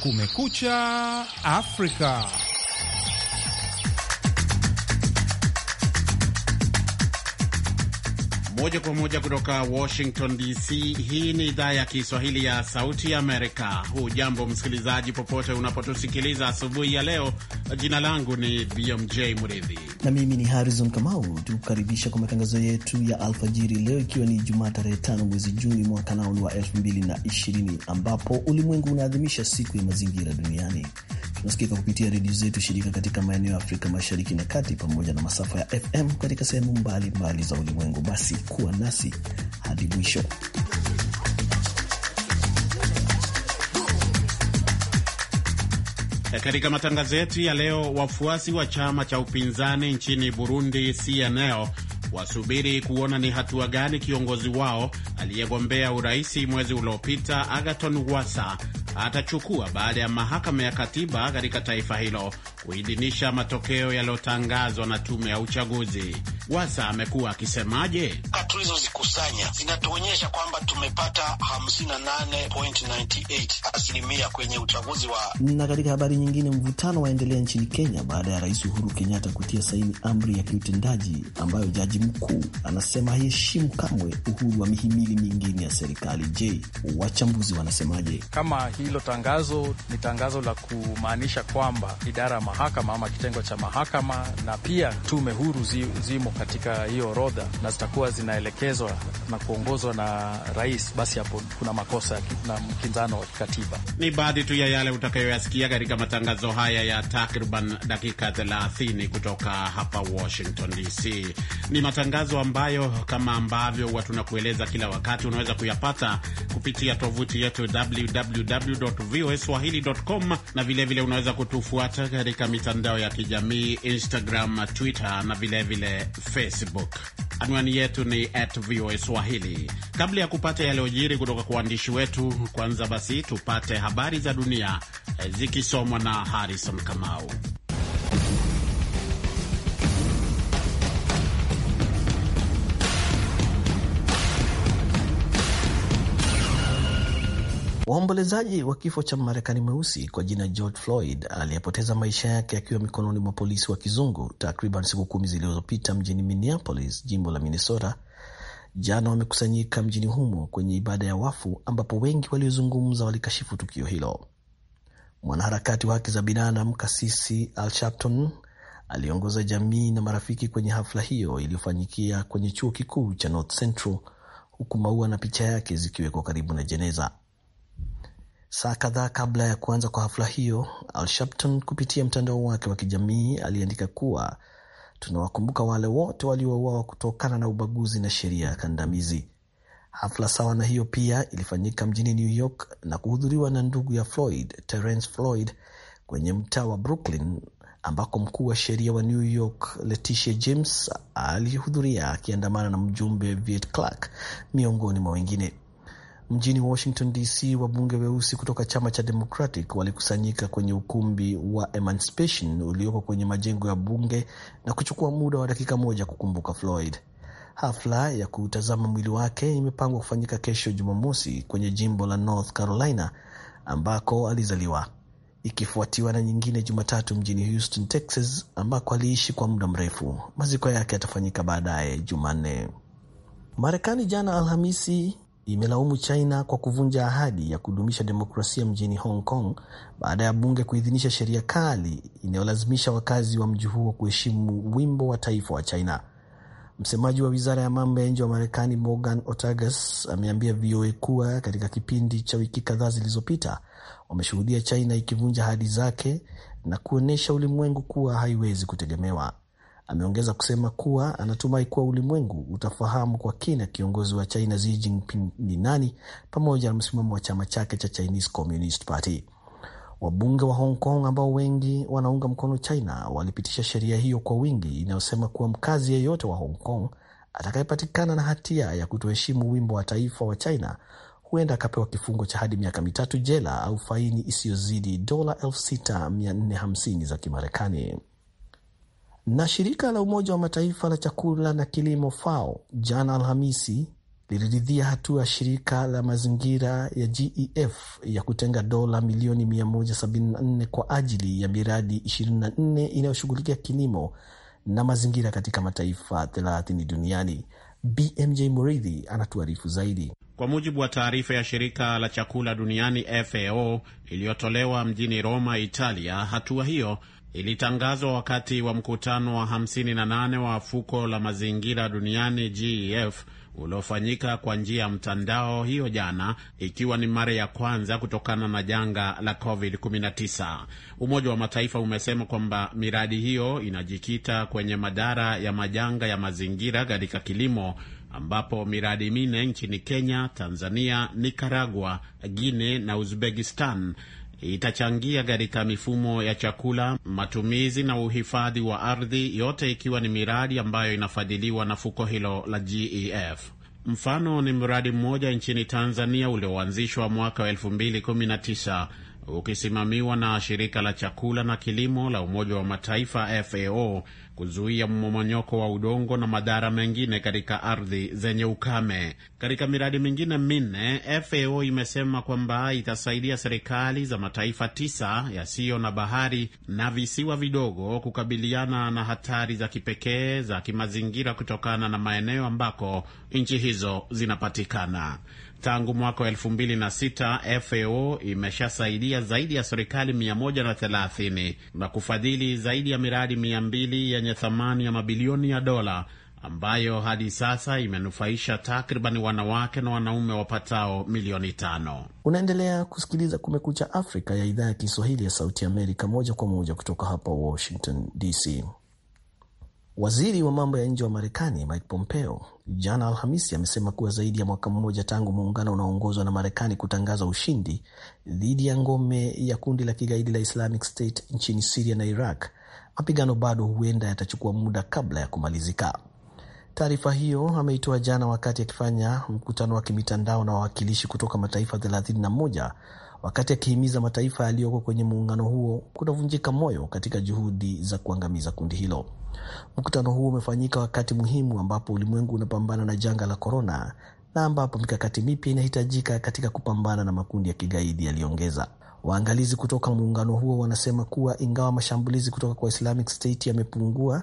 Kumekucha Afrika. Moja kwa moja kutoka Washington DC. Hii ni idhaa ya Kiswahili ya Sauti amerika Amerika. Hujambo msikilizaji, popote unapotusikiliza asubuhi ya leo. Jina langu ni BMJ Mridhi na mimi ni Harrison Kamau, tukukaribisha kwa matangazo yetu ya alfajiri leo, ikiwa ni Jumaa tarehe 5 mwezi Juni mwaka ni wa 2020 ambapo ulimwengu unaadhimisha siku ya mazingira duniani. Tunasikika kupitia redio zetu shirika katika maeneo ya Afrika Mashariki na Kati pamoja na masafa ya FM katika sehemu mbalimbali za ulimwengu. Basi kuwa nasi hadi mwisho. Eh, katika matangazo yetu ya leo, wafuasi wa chama cha upinzani nchini Burundi CNL wasubiri kuona ni hatua gani kiongozi wao aliyegombea uraisi mwezi uliopita agaton Wasa atachukua baada ya mahakama ya katiba katika taifa hilo kuidhinisha matokeo yaliyotangazwa na tume ya uchaguzi. Wasa amekuwa akisemaje? tulizozikusanya zinatuonyesha kwamba tumepata 58.98 asilimia kwenye uchaguzi wa. Na katika habari nyingine, mvutano waendelea nchini Kenya baada ya Rais Uhuru Kenyatta kutia saini amri ya kiutendaji ambayo jaji mkuu anasema haiheshimu kamwe uhuru wa mihimili miwili mingine ya serikali. Je, wachambuzi wanasemaje? Kama hilo tangazo ni tangazo la kumaanisha kwamba idara ya mahakama ama kitengo cha mahakama na pia tume huru zi, zimo katika hiyo orodha na zitakuwa zinaelekezwa na kuongozwa na rais, basi hapo kuna makosa na mkinzano wa kikatiba. Ni baadhi tu ya yale utakayoyasikia katika matangazo haya ya takriban dakika 30 kutoka hapa Washington DC. Ni matangazo ambayo kama ambavyo huwa tunakueleza kila wakati unaweza kuyapata kupitia tovuti yetu www.voaswahili.com, na vilevile vile unaweza kutufuata katika mitandao ya kijamii Instagram, Twitter na vilevile vile Facebook. Anwani yetu ni at VOA Swahili. Kabla ya kupata yaliyojiri kutoka kwa waandishi wetu, kwanza basi tupate habari za dunia eh, zikisomwa na Harrison Kamau. Waombolezaji wa kifo cha Marekani mweusi kwa jina George Floyd aliyepoteza maisha yake akiwa mikononi mwa polisi wa kizungu takriban siku kumi zilizopita mjini Minneapolis, jimbo la Minnesota, jana wamekusanyika mjini humo kwenye ibada ya wafu, ambapo wengi waliozungumza walikashifu tukio hilo. Mwanaharakati wa haki za binadamu Kasisi Al Sharpton aliongoza jamii na marafiki kwenye hafla hiyo iliyofanyikia kwenye chuo kikuu cha North Central, huku maua na picha yake zikiwekwa karibu na jeneza. Saa kadhaa kabla ya kuanza kwa hafla hiyo, Al-Sharpton kupitia mtandao wake wa kijamii aliandika kuwa tunawakumbuka wale wote waliouawa kutokana na ubaguzi na sheria ya kandamizi. Hafla sawa na hiyo pia ilifanyika mjini New York na kuhudhuriwa na ndugu ya Floyd, Terence Floyd, kwenye mtaa wa Brooklyn ambako mkuu wa sheria wa New York Letitia James alihudhuria akiandamana na mjumbe Viet Clark miongoni mwa wengine. Mjini Washington DC, wabunge weusi kutoka chama cha Democratic walikusanyika kwenye ukumbi wa Emancipation ulioko kwenye majengo ya bunge na kuchukua muda wa dakika moja kukumbuka Floyd. Hafla ya kutazama mwili wake imepangwa kufanyika kesho Jumamosi kwenye jimbo la North Carolina ambako alizaliwa, ikifuatiwa na nyingine Jumatatu mjini Houston, Texas, ambako aliishi kwa muda mrefu. Maziko yake yatafanyika baadaye Jumanne. Marekani jana Alhamisi imelaumu China kwa kuvunja ahadi ya kudumisha demokrasia mjini Hong Kong baada ya bunge kuidhinisha sheria kali inayolazimisha wakazi wa mji huo kuheshimu wimbo wa taifa wa China. Msemaji wa wizara ya mambo ya nje wa Marekani Morgan otagas ameambia VOA kuwa katika kipindi cha wiki kadhaa zilizopita wameshuhudia China ikivunja ahadi zake na kuonyesha ulimwengu kuwa haiwezi kutegemewa. Ameongeza kusema kuwa anatumai kuwa ulimwengu utafahamu kwa kina kiongozi wa China Xi Jinping ni nani, pamoja na msimamo wa chama chake cha Chinese Communist Party. Wabunge wa Hong Kong ambao wengi wanaunga mkono China walipitisha sheria hiyo kwa wingi inayosema kuwa mkazi yeyote wa Hong Kong atakayepatikana na hatia ya kutoheshimu wimbo wa taifa wa China huenda akapewa kifungo cha hadi miaka mitatu jela au faini isiyozidi dola 6450 za Kimarekani. Na shirika la Umoja wa Mataifa la chakula na kilimo FAO jana Alhamisi liliridhia hatua ya shirika la mazingira ya GEF ya kutenga dola milioni 174 kwa ajili ya miradi 24 inayoshughulikia kilimo na mazingira katika mataifa 30 duniani. BMJ Muridhi anatuarifu zaidi. Kwa mujibu wa taarifa ya shirika la chakula duniani FAO iliyotolewa mjini Roma, Italia, hatua hiyo ilitangazwa wakati wa mkutano wa 58 wa fuko la mazingira duniani GEF uliofanyika kwa njia ya mtandao hiyo jana, ikiwa ni mara ya kwanza kutokana na janga la COVID-19. Umoja wa Mataifa umesema kwamba miradi hiyo inajikita kwenye madhara ya majanga ya mazingira katika kilimo, ambapo miradi minne nchini Kenya, Tanzania, nikaragua Guinea na Uzbekistan itachangia katika mifumo ya chakula, matumizi na uhifadhi wa ardhi, yote ikiwa ni miradi ambayo inafadhiliwa na fuko hilo la GEF. Mfano ni mradi mmoja nchini Tanzania ulioanzishwa mwaka wa 2019 ukisimamiwa na shirika la chakula na kilimo la Umoja wa Mataifa FAO kuzuia mmomonyoko wa udongo na madhara mengine katika ardhi zenye ukame. Katika miradi mingine minne, FAO imesema kwamba itasaidia serikali za mataifa tisa yasiyo na bahari na visiwa vidogo kukabiliana na hatari za kipekee za kimazingira kutokana na maeneo ambako nchi hizo zinapatikana. Tangu mwaka wa elfu mbili na sita FAO imeshasaidia zaidi ya serikali mia moja na thelathini na kufadhili zaidi ya miradi mia mbili yenye thamani ya mabilioni ya dola ambayo hadi sasa imenufaisha takriban wanawake na wanaume wapatao milioni tano. Unaendelea kusikiliza Kumekucha Afrika ya idhaa ya Kiswahili ya Sauti Amerika, moja kwa moja kutoka hapa Washington DC. Waziri wa mambo ya nje wa Marekani Mike Pompeo jana Alhamisi amesema kuwa zaidi ya mwaka mmoja tangu muungano unaoongozwa na Marekani kutangaza ushindi dhidi ya ngome ya kundi la kigaidi la Islamic State nchini Siria na Iraq, mapigano bado huenda yatachukua muda kabla ya kumalizika. Taarifa hiyo ameitoa jana wakati akifanya mkutano wa kimitandao na wawakilishi kutoka mataifa 31 wakati akihimiza mataifa yaliyoko kwenye muungano huo kutovunjika moyo katika juhudi za kuangamiza kundi hilo. Mkutano huo umefanyika wakati muhimu ambapo ulimwengu unapambana na janga la korona na ambapo mikakati mipya inahitajika katika kupambana na makundi ya kigaidi, yaliongeza. Waangalizi kutoka muungano huo wanasema kuwa ingawa mashambulizi kutoka kwa Islamic State yamepungua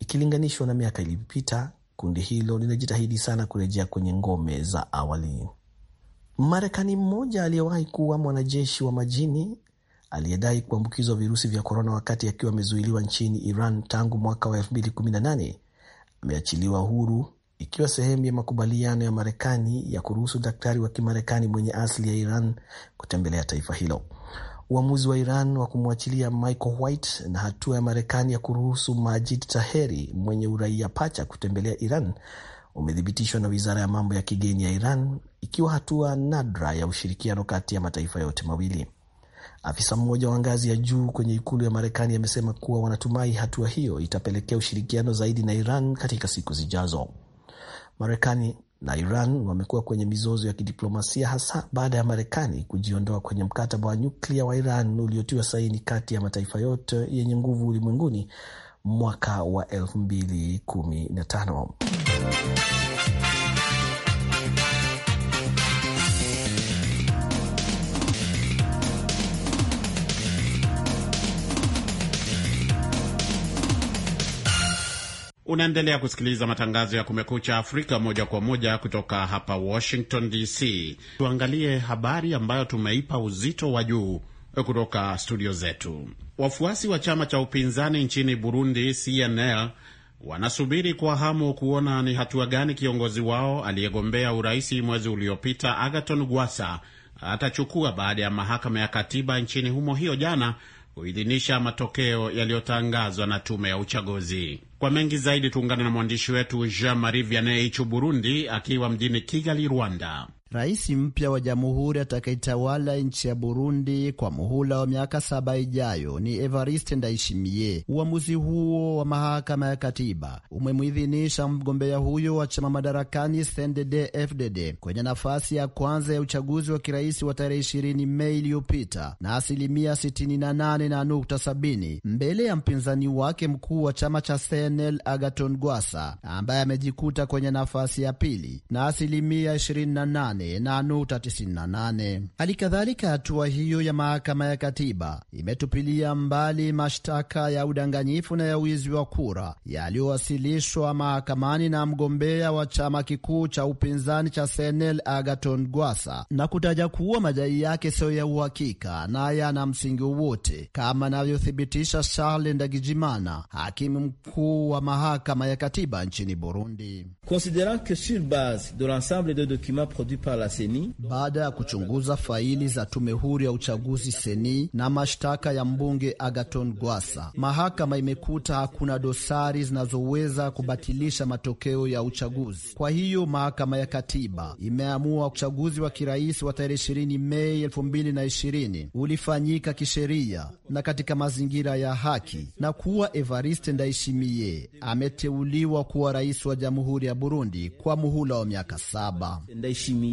ikilinganishwa na miaka iliyopita, kundi hilo linajitahidi sana kurejea kwenye ngome za awali. Marekani mmoja aliyewahi kuwa mwanajeshi wa majini aliyedai kuambukizwa virusi vya korona wakati akiwa amezuiliwa nchini Iran tangu mwaka wa 2018 ameachiliwa huru ikiwa sehemu ya makubaliano ya Marekani ya kuruhusu daktari wa Kimarekani mwenye asili ya Iran kutembelea taifa hilo. Uamuzi wa Iran wa kumwachilia Michael White na hatua ya Marekani ya kuruhusu Majid Taheri mwenye uraia pacha kutembelea Iran umethibitishwa na wizara ya mambo ya kigeni ya Iran, ikiwa hatua nadra ya ushirikiano kati ya mataifa yote mawili. Afisa mmoja wa ngazi ya juu kwenye ikulu ya Marekani amesema kuwa wanatumai hatua hiyo itapelekea ushirikiano zaidi na Iran katika siku zijazo. Marekani na Iran wamekuwa kwenye mizozo ya kidiplomasia hasa baada ya Marekani kujiondoa kwenye mkataba wa nyuklia wa Iran uliotiwa saini kati ya mataifa yote yenye nguvu ulimwenguni mwaka wa 2015. Unaendelea kusikiliza matangazo ya Kumekucha Afrika moja kwa moja kutoka hapa Washington DC. Tuangalie habari ambayo tumeipa uzito wa juu kutoka studio zetu. Wafuasi wa chama cha upinzani nchini Burundi, CNL, wanasubiri kwa hamu kuona ni hatua gani kiongozi wao aliyegombea urais mwezi uliopita Agaton Gwasa atachukua baada ya mahakama ya katiba nchini humo hiyo jana kuidhinisha matokeo yaliyotangazwa na tume ya uchaguzi. Kwa mengi zaidi tuungane na mwandishi wetu Jean Marie Vianney Ichu Burundi akiwa mjini Kigali, Rwanda. Rais mpya wa jamhuri atakayetawala nchi ya Burundi kwa muhula wa miaka saba ijayo ni Evariste Ndayishimiye. Uamuzi huo wa mahakama ya katiba umemwidhinisha mgombea huyo wa chama madarakani CNDD-FDD kwenye nafasi ya kwanza ya uchaguzi wa kirais wa tarehe ishirini Mei iliyopita na asilimia na sabini mbele ya mpinzani wake mkuu wa chama cha CNL Agaton Gwasa ambaye amejikuta kwenye nafasi ya pili na asilimia nane 98 na 98. Halikadhalika, hatua hiyo ya mahakama ya katiba imetupilia mbali mashtaka ya udanganyifu na ya wizi wa kura yaliyowasilishwa mahakamani na mgombea wa chama kikuu cha upinzani cha Senel Agaton Gwasa na kutaja kuwa madai yake siyo ya uhakika na yana msingi wowote, kama anavyothibitisha Charles Ndagijimana, hakimu mkuu wa mahakama ya katiba nchini Burundi. Considerant que sur base de l'ensemble des documents produits baada ya kuchunguza faili za tume huru ya uchaguzi seni na mashtaka ya mbunge Agaton Gwasa, mahakama imekuta hakuna dosari zinazoweza kubatilisha matokeo ya uchaguzi. Kwa hiyo mahakama ya katiba imeamua uchaguzi wa kirais wa tarehe 20 Mei 2020 ulifanyika kisheria na katika mazingira ya haki na kuwa Evariste Ndayishimiye ameteuliwa kuwa rais wa jamhuri ya Burundi kwa muhula wa miaka saba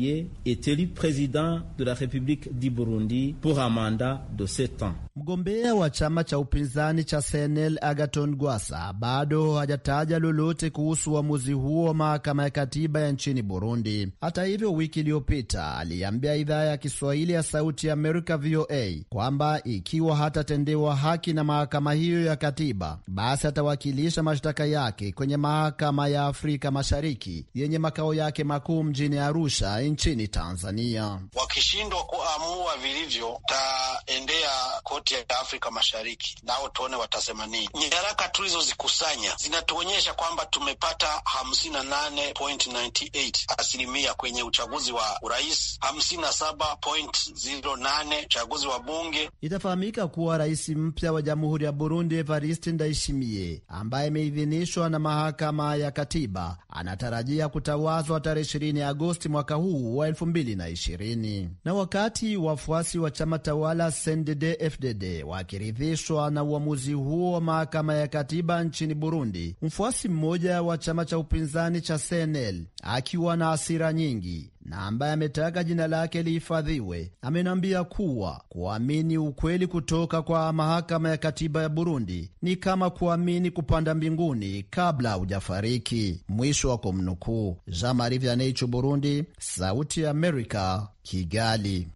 dernier est élu président de la République du Burundi pour un mandat de 7 ans. Mgombea wa chama cha upinzani cha CNL Agaton Gwasa bado hajataja lolote kuhusu uamuzi huo wa mahakama ya katiba ya nchini Burundi. Hata hivyo, wiki iliyopita aliambia idhaa ya Kiswahili ya Sauti ya Amerika VOA kwamba ikiwa hatatendewa haki na mahakama hiyo ya katiba, basi atawakilisha mashtaka yake kwenye mahakama ya Afrika Mashariki yenye makao yake makuu mjini Arusha nchini Tanzania. Wakishindwa kuamua vilivyo, taendea koti ya Afrika Mashariki, nao tuone watasema nini. Nyaraka tulizozikusanya zinatuonyesha kwamba tumepata hamsini na nane point ninety eight asilimia kwenye uchaguzi wa urais, hamsini na saba point zero nane uchaguzi wa bunge. Itafahamika kuwa rais mpya wa jamhuri ya Burundi Evariste Ndayishimiye ambaye imeidhinishwa na mahakama ya katiba anatarajia kutawazwa tarehe 20 Agosti mwaka huu huu wa 2020. Na wakati wafuasi wa chama tawala CNDD-FDD wakiridhishwa na uamuzi huo wa mahakama ya katiba nchini Burundi, mfuasi mmoja wa chama cha upinzani cha CNL akiwa na hasira nyingi na ambaye ametaka jina lake lihifadhiwe amenambia kuwa kuamini ukweli kutoka kwa mahakama ya katiba ya Burundi ni kama kuamini kupanda mbinguni kabla hujafariki. Mwisho wa kumnukuu. Jean Marie Vianney, Burundi, Sauti ya Amerika, Kigali.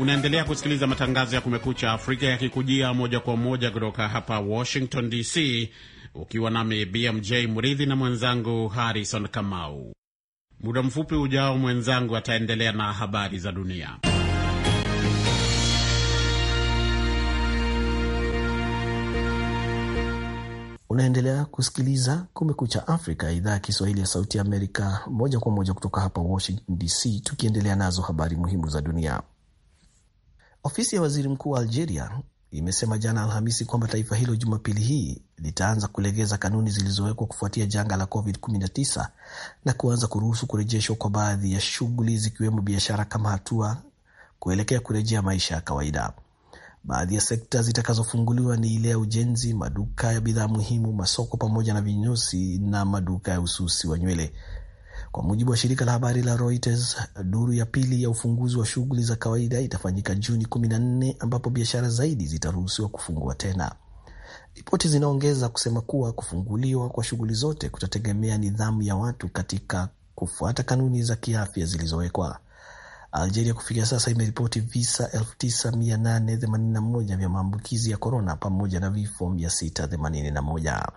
Unaendelea kusikiliza matangazo ya Kumekucha Afrika yakikujia moja kwa moja kutoka hapa Washington DC, ukiwa nami BMJ Mridhi na mwenzangu Harrison Kamau. Muda mfupi ujao, mwenzangu ataendelea na habari za dunia. Unaendelea kusikiliza Kumekucha Afrika, idhaa ya Kiswahili ya Sauti ya Amerika, moja kwa moja kutoka hapa Washington DC, tukiendelea nazo habari muhimu za dunia. Ofisi ya waziri mkuu wa Algeria imesema jana Alhamisi kwamba taifa hilo Jumapili hii litaanza kulegeza kanuni zilizowekwa kufuatia janga la COVID-19 na kuanza kuruhusu kurejeshwa kwa baadhi ya shughuli zikiwemo biashara kama hatua kuelekea kurejea maisha ya kawaida. Baadhi ya sekta zitakazofunguliwa ni ile ya ujenzi, maduka ya bidhaa muhimu, masoko pamoja na vinyosi na maduka ya ususi wa nywele. Kwa mujibu wa shirika la habari la Reuters, duru ya pili ya ufunguzi wa shughuli za kawaida itafanyika Juni 14 ambapo biashara zaidi zitaruhusiwa kufungua tena. Ripoti zinaongeza kusema kuwa kufunguliwa kwa shughuli zote kutategemea nidhamu ya watu katika kufuata kanuni za kiafya zilizowekwa. Algeria kufikia sasa imeripoti visa 9881 vya maambukizi ya korona pamoja na vifo 681.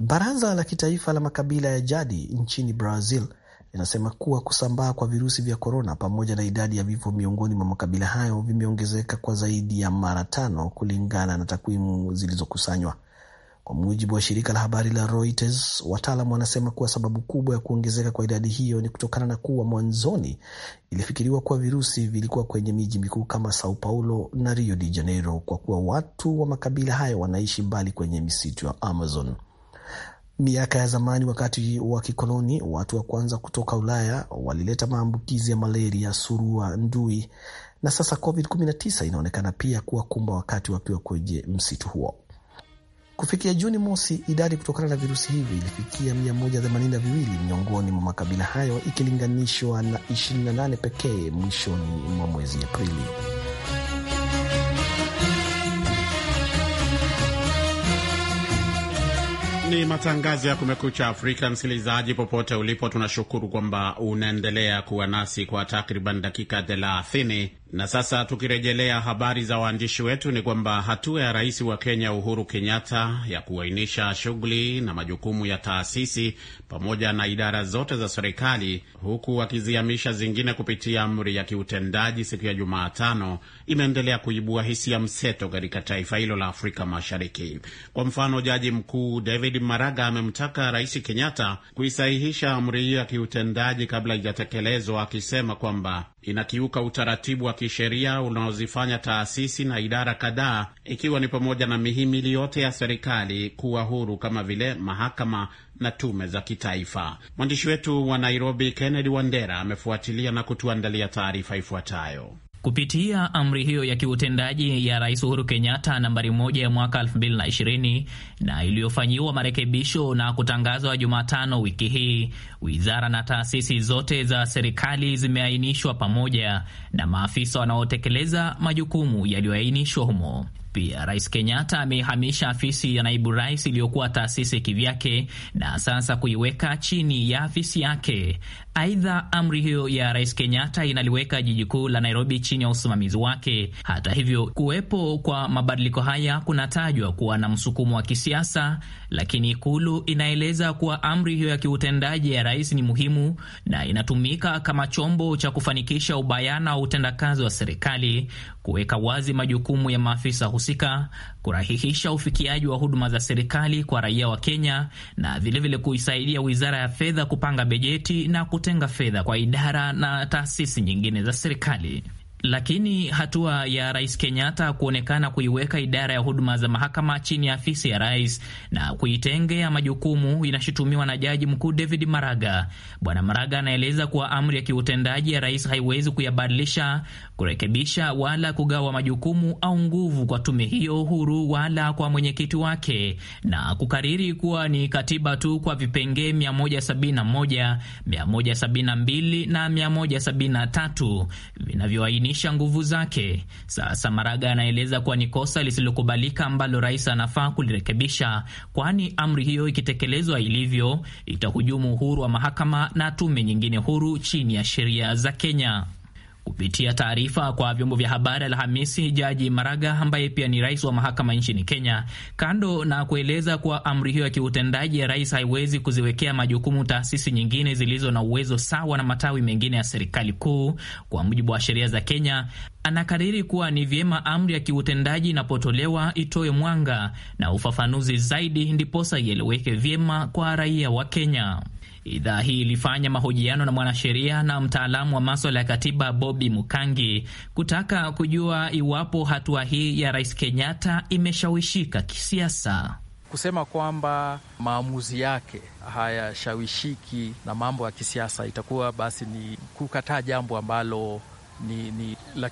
Baraza la Kitaifa la Makabila ya Jadi nchini Brazil linasema kuwa kusambaa kwa virusi vya korona pamoja na idadi ya vifo miongoni mwa makabila hayo vimeongezeka kwa zaidi ya mara tano kulingana na takwimu zilizokusanywa. Kwa mujibu wa shirika la habari la Reuters, wataalam wanasema kuwa sababu kubwa ya kuongezeka kwa idadi hiyo ni kutokana na kuwa mwanzoni ilifikiriwa kuwa virusi vilikuwa kwenye miji mikuu kama Sao Paulo na Rio de Janeiro, kwa kuwa watu wa makabila hayo wanaishi mbali kwenye misitu ya Amazon. Miaka ya zamani, wakati wa kikoloni, watu wa kwanza kutoka Ulaya walileta maambukizi ya malaria, surua, ndui na sasa COVID-19 inaonekana pia kuwakumba wakati wakiwa kwenye msitu huo. Kufikia Juni mosi, idadi kutokana na virusi hivi ilifikia 182 miongoni mwa makabila hayo ikilinganishwa na 28 pekee mwishoni mwa mwezi Aprili. Ni matangazo ya Kumekucha Afrika. Msikilizaji popote ulipo, tunashukuru kwamba unaendelea kuwa nasi kwa takriban dakika thelathini na sasa tukirejelea habari za waandishi wetu ni kwamba hatua ya rais wa Kenya Uhuru Kenyatta ya kuainisha shughuli na majukumu ya taasisi pamoja na idara zote za serikali huku akizihamisha zingine kupitia amri ya kiutendaji siku ya Jumatano imeendelea kuibua hisia mseto katika taifa hilo la Afrika Mashariki. Kwa mfano, jaji mkuu David Maraga amemtaka rais Kenyatta kuisahihisha amri hiyo ya kiutendaji kabla ijatekelezwa, akisema kwamba inakiuka utaratibu wa kisheria unaozifanya taasisi na idara kadhaa, ikiwa ni pamoja na mihimili yote ya serikali kuwa huru kama vile mahakama na tume za kitaifa. Mwandishi wetu wa Nairobi, Kennedy Wandera, amefuatilia na kutuandalia taarifa ifuatayo. Kupitia amri hiyo ya kiutendaji ya Rais Uhuru Kenyatta nambari moja ya mwaka 2020 na iliyofanyiwa marekebisho na kutangazwa Jumatano wiki hii, wizara na taasisi zote za serikali zimeainishwa pamoja na maafisa wanaotekeleza majukumu yaliyoainishwa humo fupi, Rais Kenyatta ameihamisha afisi ya naibu rais iliyokuwa taasisi kivyake na sasa kuiweka chini ya afisi yake. Aidha, amri hiyo ya Rais Kenyatta inaliweka jiji kuu la Nairobi chini ya usimamizi wake. Hata hivyo, kuwepo kwa mabadiliko haya kunatajwa kuwa na msukumo wa kisiasa lakini Ikulu inaeleza kuwa amri hiyo ya kiutendaji ya rais ni muhimu na inatumika kama chombo cha kufanikisha ubayana wa utendakazi wa serikali, kuweka wazi majukumu ya maafisa husika, kurahihisha ufikiaji wa huduma za serikali kwa raia wa Kenya na vilevile kuisaidia wizara ya fedha kupanga bajeti na kutenga fedha kwa idara na taasisi nyingine za serikali. Lakini hatua ya Rais Kenyatta kuonekana kuiweka idara ya huduma za mahakama chini ya afisi ya rais na kuitengea majukumu inashutumiwa na Jaji Mkuu David Maraga. Bwana Maraga anaeleza kuwa amri ya kiutendaji ya rais haiwezi kuyabadilisha, kurekebisha wala kugawa majukumu au nguvu kwa tume hiyo huru wala kwa mwenyekiti wake, na kukariri kuwa ni katiba tu kwa vipengee 171, 172 na 173 vinavyoaini kuonyesha nguvu zake. Sasa Maraga anaeleza kuwa ni kosa lisilokubalika ambalo rais anafaa kulirekebisha, kwani amri hiyo ikitekelezwa ilivyo itahujumu uhuru wa mahakama na tume nyingine huru chini ya sheria za Kenya. Kupitia taarifa kwa vyombo vya habari Alhamisi, Jaji Maraga ambaye pia ni rais wa mahakama nchini Kenya, kando na kueleza kuwa amri hiyo ya kiutendaji ya rais haiwezi kuziwekea majukumu taasisi nyingine zilizo na uwezo sawa na matawi mengine ya serikali kuu kwa mujibu wa sheria za Kenya, anakariri kuwa ni vyema amri ya kiutendaji inapotolewa itoe mwanga na ufafanuzi zaidi, ndiposa ieleweke vyema kwa raia wa Kenya. Idhaa hii ilifanya mahojiano na mwanasheria na mtaalamu wa maswala ya katiba Bobi Mukangi kutaka kujua iwapo hatua hii ya Rais Kenyatta imeshawishika kisiasa, kusema kwamba maamuzi yake hayashawishiki na mambo ya kisiasa, itakuwa basi ni kukataa jambo ambalo ni, ni la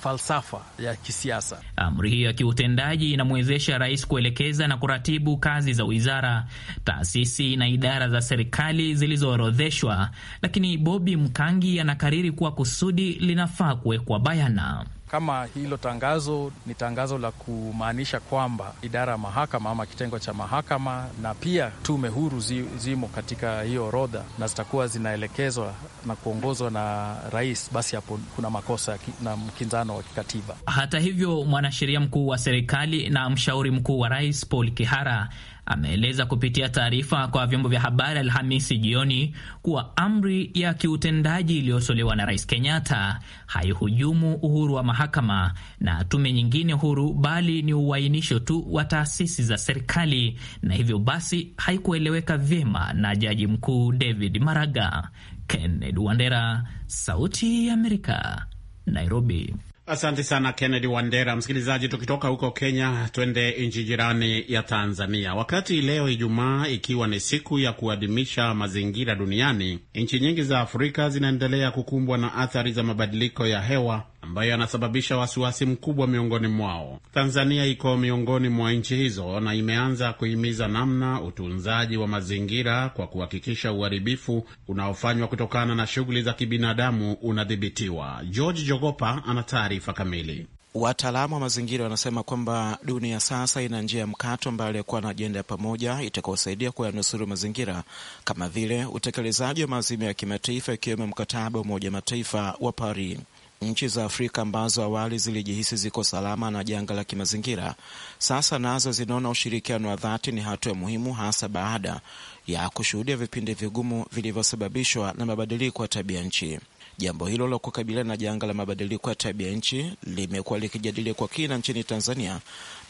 falsafa ya kisiasa. Amri hiyo ya kiutendaji inamwezesha rais kuelekeza na kuratibu kazi za wizara, taasisi na idara za serikali zilizoorodheshwa, lakini Bobi Mkangi anakariri kuwa kusudi linafaa kuwekwa bayana. Kama hilo tangazo ni tangazo la kumaanisha kwamba idara ya mahakama ama kitengo cha mahakama na pia tume huru zimo katika hiyo orodha na zitakuwa zinaelekezwa na kuongozwa na rais, basi hapo kuna makosa na mkinzano wa kikatiba. Hata hivyo, mwanasheria mkuu wa serikali na mshauri mkuu wa rais Paul Kihara ameeleza kupitia taarifa kwa vyombo vya habari Alhamisi jioni kuwa amri ya kiutendaji iliyotolewa na Rais Kenyatta haihujumu uhuru wa mahakama na tume nyingine huru, bali ni uainisho tu wa taasisi za serikali, na hivyo basi haikueleweka vyema na Jaji Mkuu David Maraga. Kenneth Wandera, Sauti ya Amerika, Nairobi. Asante sana Kennedy Wandera. Msikilizaji, tukitoka huko Kenya twende nchi jirani ya Tanzania. Wakati leo Ijumaa ikiwa ni siku ya kuadhimisha mazingira duniani, nchi nyingi za Afrika zinaendelea kukumbwa na athari za mabadiliko ya hewa ambayo yanasababisha wasiwasi mkubwa miongoni mwao. Tanzania iko miongoni mwa nchi hizo na imeanza kuhimiza namna utunzaji wa mazingira kwa kuhakikisha uharibifu unaofanywa kutokana na shughuli za kibinadamu unadhibitiwa. George Jogopa ana taarifa kamili. Wataalamu wa mazingira wanasema kwamba dunia sasa ina njia ya mkato ambayo aliyekuwa na ajenda ya pamoja itakaosaidia kuyanusuru mazingira kama vile utekelezaji wa maazimio ya kimataifa ikiwemo mkataba wa Umoja Mataifa wa Paris. Nchi za Afrika ambazo awali zilijihisi ziko salama na janga la kimazingira sasa nazo zinaona ushirikiano wa dhati ni hatua muhimu, hasa baada ya kushuhudia vipindi vigumu vilivyosababishwa na mabadiliko ya tabia nchi. Jambo hilo la kukabiliana na janga la mabadiliko ya tabia nchi limekuwa likijadili kwa kina nchini Tanzania,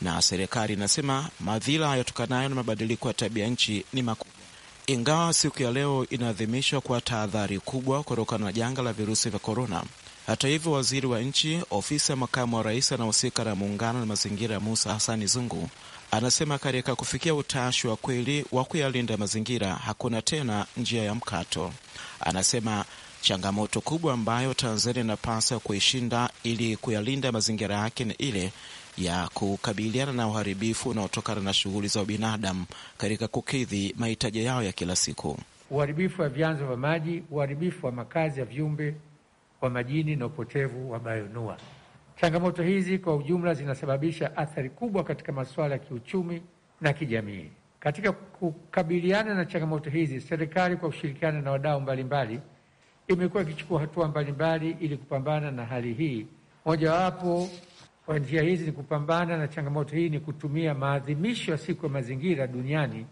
na serikali inasema madhila yatokanayo na mabadiliko ya tabia nchi ni makubwa. Ingawa siku ya leo inaadhimishwa kwa tahadhari kubwa kutokana na janga la virusi vya korona, hata hivyo, waziri wa nchi ofisi ya makamu wa rais anahusika na muungano na mazingira Musa Hasani Zungu anasema katika kufikia utashi wa kweli wa kuyalinda mazingira hakuna tena njia ya mkato. Anasema changamoto kubwa ambayo Tanzania inapasa kuishinda ili kuyalinda mazingira yake ni ile ya kukabiliana na uharibifu unaotokana na shughuli za binadamu katika kukidhi mahitaji yao ya kila siku: uharibifu wa vyanzo vya maji, uharibifu wa makazi ya viumbe wa majini na upotevu wa bayonua. Changamoto hizi kwa ujumla zinasababisha athari kubwa katika masuala ya kiuchumi na kijamii. Katika kukabiliana na changamoto hizi, serikali kwa kushirikiana na wadau mbalimbali imekuwa ikichukua hatua mbalimbali ili kupambana na hali hii. Mojawapo wa njia hizi ni kupambana na changamoto hii ni kutumia maadhimisho ya siku ya mazingira duniani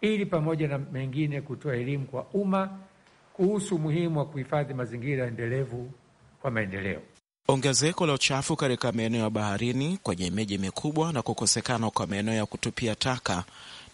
ili pamoja na mengine kutoa elimu kwa umma kuhusu umuhimu wa kuhifadhi mazingira endelevu kwa maendeleo. Ongezeko la uchafu katika maeneo ya baharini, kwenye miji mikubwa na kukosekana kwa maeneo ya kutupia taka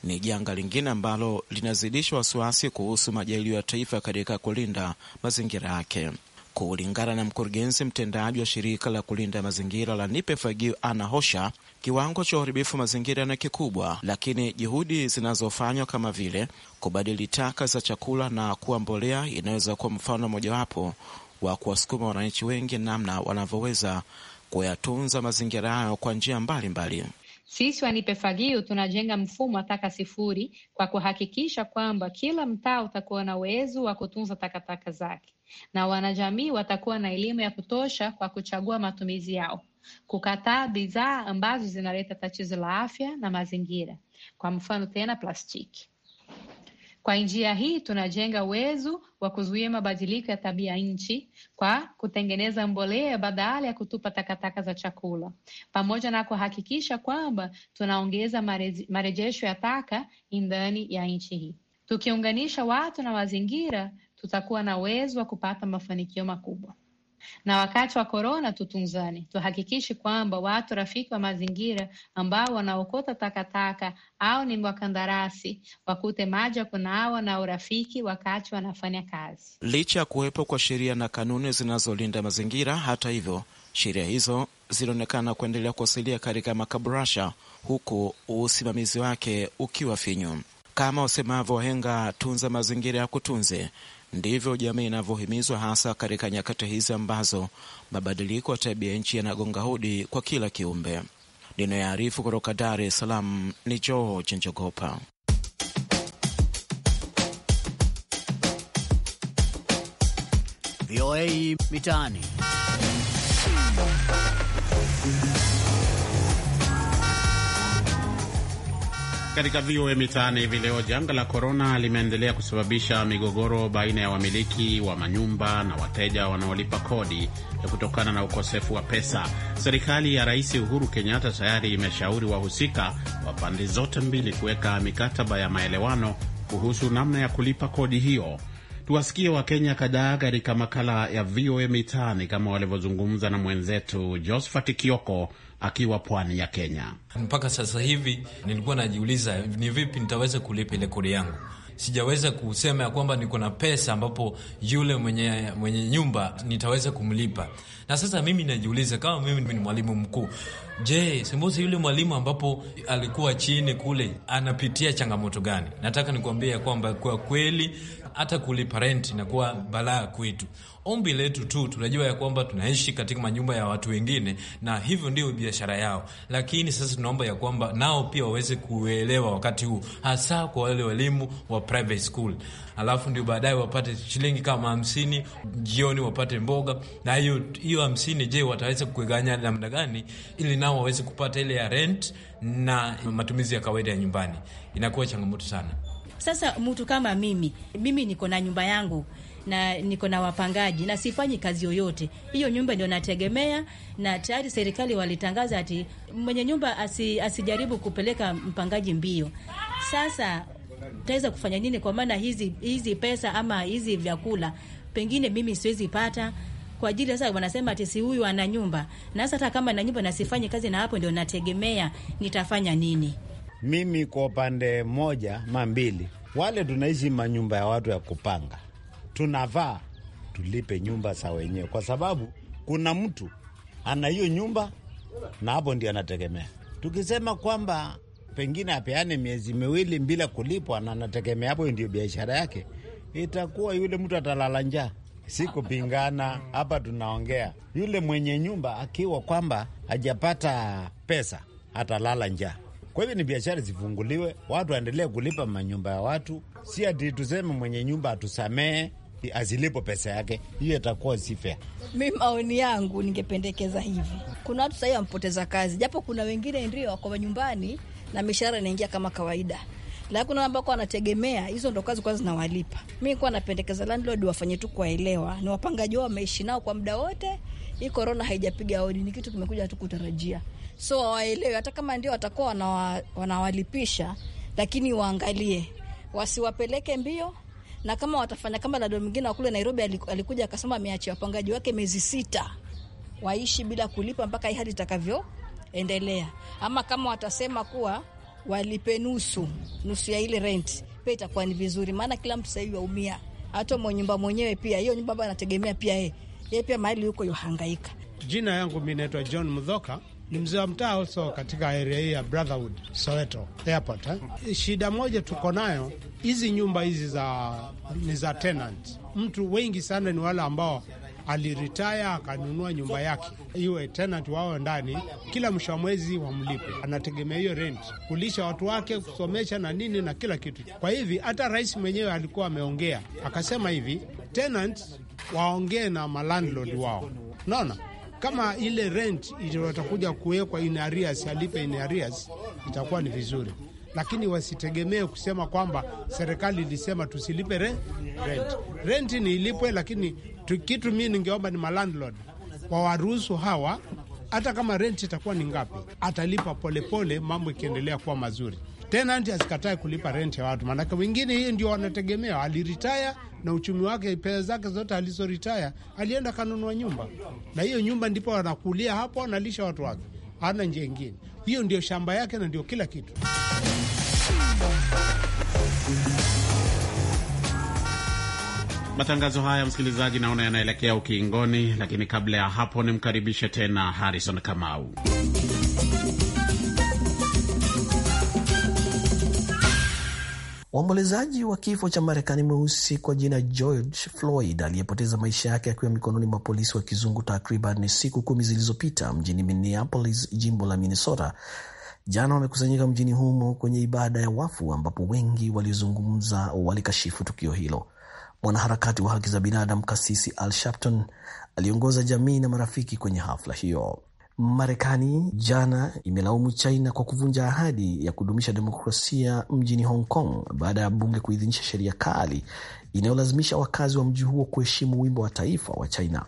ni janga lingine ambalo linazidisha wasiwasi kuhusu majaribio ya taifa katika kulinda mazingira yake. Kulingana na mkurugenzi mtendaji wa shirika la kulinda mazingira la Nipe Fagio Ana Hosha, kiwango cha uharibifu mazingira ni kikubwa, lakini juhudi zinazofanywa kama vile kubadili taka za chakula na kuwa mbolea inaweza kuwa mfano mojawapo wa kuwasukuma wananchi wengi namna wanavyoweza kuyatunza mazingira hayo kwa njia mbalimbali. Sisi wa Nipe Fagio tunajenga mfumo wa taka sifuri kwa kuhakikisha kwamba kila mtaa utakuwa na uwezo wa kutunza takataka zake na wanajamii watakuwa na elimu ya kutosha kwa kuchagua matumizi yao, kukataa bidhaa ambazo zinaleta tatizo la afya na mazingira, kwa mfano tena plastiki. Kwa njia hii tunajenga uwezo wa kuzuia mabadiliko ya tabia nchi kwa kutengeneza mbolea badala ya kutupa takataka za chakula, pamoja na kuhakikisha kwamba tunaongeza marejesho ya taka ndani ya nchi hii. Tukiunganisha watu na mazingira, tutakuwa na uwezo wa kupata mafanikio makubwa. Na wakati wa korona, tutunzane, tuhakikishe kwamba watu rafiki wa mazingira ambao wanaokota takataka au ni wakandarasi wakute maji ya kunawa na urafiki wakati wanafanya kazi. Licha ya kuwepo kwa sheria na kanuni zinazolinda mazingira, hata hivyo sheria hizo zilionekana kuendelea kuasilia katika makabrasha, huku usimamizi wake ukiwa finyu. Kama wasemavyo wahenga, tunza mazingira ya kutunze Ndivyo jamii inavyohimizwa, hasa katika nyakati hizi ambazo mabadiliko ya tabia nchi yanagonga hodi kwa kila kiumbe. Ninayoarifu kutoka Dar es Salaam ni George Njogopa. VOA Mitaani. Katika VOA Mitaani hivi leo, janga la korona limeendelea kusababisha migogoro baina ya wamiliki wa manyumba na wateja wanaolipa kodi kutokana na ukosefu wa pesa. Serikali ya Rais Uhuru Kenyatta tayari imeshauri wahusika wa pande zote mbili kuweka mikataba ya maelewano kuhusu namna ya kulipa kodi hiyo. Tuwasikie Wakenya kadhaa katika makala ya VOA Mitaani kama walivyozungumza na mwenzetu josphat Kioko akiwa pwani ya Kenya. Mpaka sasa hivi nilikuwa najiuliza ni vipi nitaweza kulipa ile kodi yangu. Sijaweza kusema ya kwamba niko na pesa ambapo yule mwenye, mwenye nyumba nitaweza kumlipa. Na sasa mimi najiuliza kama mimi ni mwalimu mkuu, je, sembuzi yule mwalimu ambapo alikuwa chini kule anapitia changamoto gani? Nataka nikuambia ya kwamba kwa kweli hata kulipa renti inakuwa balaa kwetu. Ombi letu tu, tunajua ya kwamba tunaishi katika manyumba ya watu wengine na hivyo ndio biashara yao, lakini sasa tunaomba ya kwamba nao pia waweze kuelewa wakati huu, hasa kwa wale walimu wa private school, alafu ndio baadaye wapate shilingi kama hamsini jioni wapate mboga. Na hiyo hiyo hamsini, je, wataweza kuganya namna gani ili nao waweze kupata ile ya rent na matumizi ya kawaida ya nyumbani? Inakuwa changamoto sana. Sasa mtu kama mimi, mimi niko na nyumba yangu na niko na wapangaji na sifanyi kazi yoyote. Hiyo nyumba ndio nategemea, na tayari serikali walitangaza ati mwenye nyumba asi, asijaribu kupeleka mpangaji mbio. Sasa taweza kufanya nini? Kwa maana hizi hizi pesa ama hizi vyakula pengine mimi siwezi pata kwa ajili sasa, wanasema ati si huyu ana nyumba, na sasa hata kama na nyumba na sifanyi kazi, na hapo ndio nategemea, nitafanya nini? mimi kwa upande moja ma mbili, wale tunaishi manyumba ya watu ya kupanga, tunavaa tulipe nyumba sa wenyewe, kwa sababu kuna mtu ana hiyo nyumba na hapo ndio anategemea. Tukisema kwamba pengine apeane miezi miwili bila kulipwa na anategemea hapo ndio biashara yake, itakuwa yule mtu atalala njaa. Sikupingana hapa, tunaongea yule mwenye nyumba akiwa kwamba hajapata pesa atalala njaa. Kwa hivyo ni biashara zifunguliwe, watu waendelee kulipa manyumba ya watu, si ati tuseme mwenye nyumba atusamehe azilipo pesa yake, hiyo itakuwa si fair. Mi maoni yangu ningependekeza hivi, kuna watu sahii wampoteza kazi, japo kuna wengine ndio wako nyumbani na mishahara inaingia kama kawaida, lakini kuna ambao wanategemea hizo ndo kazi kwa zinawalipa. Mi kuwa napendekeza landlord wafanye tu kuwaelewa, ni wapangaji wao wameishi nao kwa muda wote. Hii korona haijapiga hodi, ni kitu kimekuja tu kutarajia so wawaelewe, hata kama ndio watakuwa wanawa, wanawalipisha, lakini waangalie wasiwapeleke mbio na kama watafanya kama dada mwingine wa kule Nairobi alikuja akasema ameachia wapangaji wake miezi sita waishi bila kulipa mpaka hii hali itakavyoendelea, ama kama watasema kuwa walipe nusu nusu ya ile rent, pia itakuwa ni vizuri, maana kila mtu sahivi waumia, hata mwenye nyumba mwenyewe pia, hiyo nyumba anategemea pia yeye, yeye pia mahali yuko yohangaika. Jina yangu mi naitwa John Mdhoka, ni mzee wa mtaa also katika area hii ya Brotherhood Soweto airport eh? Shida moja tuko nayo, hizi nyumba hizi za ni za tenant. Mtu wengi sana ni wale ambao aliritaya akanunua nyumba yake iwe tenant wao ndani, kila mwisho wa mwezi wamlipe, anategemea hiyo rent kulisha watu wake, kusomesha na nini na kila kitu. Kwa hivi hata rais mwenyewe alikuwa ameongea akasema hivi tenant waongee na malandlord wao, naona kama ile rent watakuja kuwekwa in arrears, alipe in arrears, itakuwa ni vizuri, lakini wasitegemee kusema kwamba serikali ilisema tusilipe re, rent. Rent ni ilipwe, lakini kitu mii ningeomba ni malandlord waruhusu hawa, hata kama rent itakuwa ni ngapi, atalipa polepole, mambo ikiendelea kuwa mazuri tenanti asikatae kulipa rent ya watu, maanake wengine hii ndio wanategemea. Aliritaya na uchumi wake, pesa zake zote alizoritaya alienda kanunua nyumba, na hiyo nyumba ndipo anakulia hapo, analisha watu wake, hana njia ingine. Hiyo ndio shamba yake na ndio kila kitu. Matangazo haya msikilizaji, naona yanaelekea ukingoni, lakini kabla ya hapo nimkaribishe tena Harrison Kamau. Waombolezaji wa kifo cha Marekani mweusi kwa jina George Floyd aliyepoteza maisha yake akiwa mikononi mwa polisi wa kizungu takriban siku kumi zilizopita mjini Minneapolis, jimbo la Minnesota, jana wamekusanyika mjini humo kwenye ibada ya wafu, ambapo wengi waliozungumza walikashifu tukio hilo. Mwanaharakati wa haki za binadamu Kasisi Al Sharpton aliongoza jamii na marafiki kwenye hafla hiyo. Marekani jana imelaumu China kwa kuvunja ahadi ya kudumisha demokrasia mjini Hong Kong baada ya bunge kuidhinisha sheria kali inayolazimisha wakazi wa mji huo kuheshimu wimbo wa taifa wa China.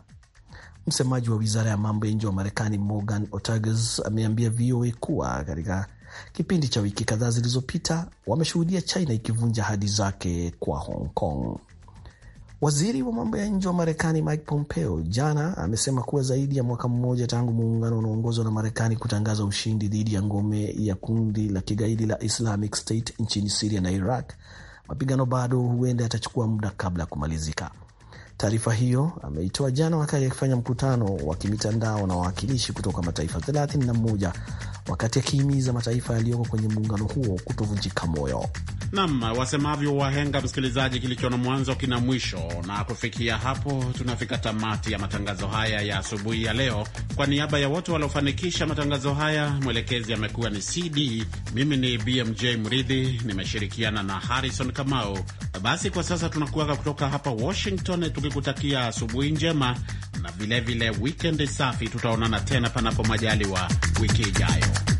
Msemaji wa wizara ya mambo ya nje wa Marekani Morgan otages ameambia VOA kuwa katika kipindi cha wiki kadhaa zilizopita wameshuhudia China ikivunja ahadi zake kwa Hong Kong. Waziri wa mambo ya nje wa Marekani Mike Pompeo jana amesema kuwa zaidi ya mwaka mmoja tangu muungano unaoongozwa na Marekani kutangaza ushindi dhidi ya ngome ya kundi la kigaidi la Islamic State nchini Siria na Iraq, mapigano bado huenda yatachukua muda kabla ya kumalizika. Taarifa hiyo ameitoa jana wakati akifanya mkutano wa kimitandao na wawakilishi kutoka mataifa 31 wakati akihimiza mataifa yaliyoko kwenye muungano huo kutovunjika moyo. Nam wasemavyo wahenga, msikilizaji, kilicho na mwanzo kina mwisho. Na kufikia hapo, tunafika tamati ya matangazo haya ya asubuhi ya leo. Kwa niaba ya wote waliofanikisha matangazo haya, mwelekezi amekuwa ni CD, mimi ni BMJ Mridhi, nimeshirikiana na Harrison Kamau. Basi kwa sasa tunakuaga kutoka hapa Washington tuki kutakia asubuhi njema na vilevile wikendi safi. Tutaonana tena panapo majaliwa wiki ijayo.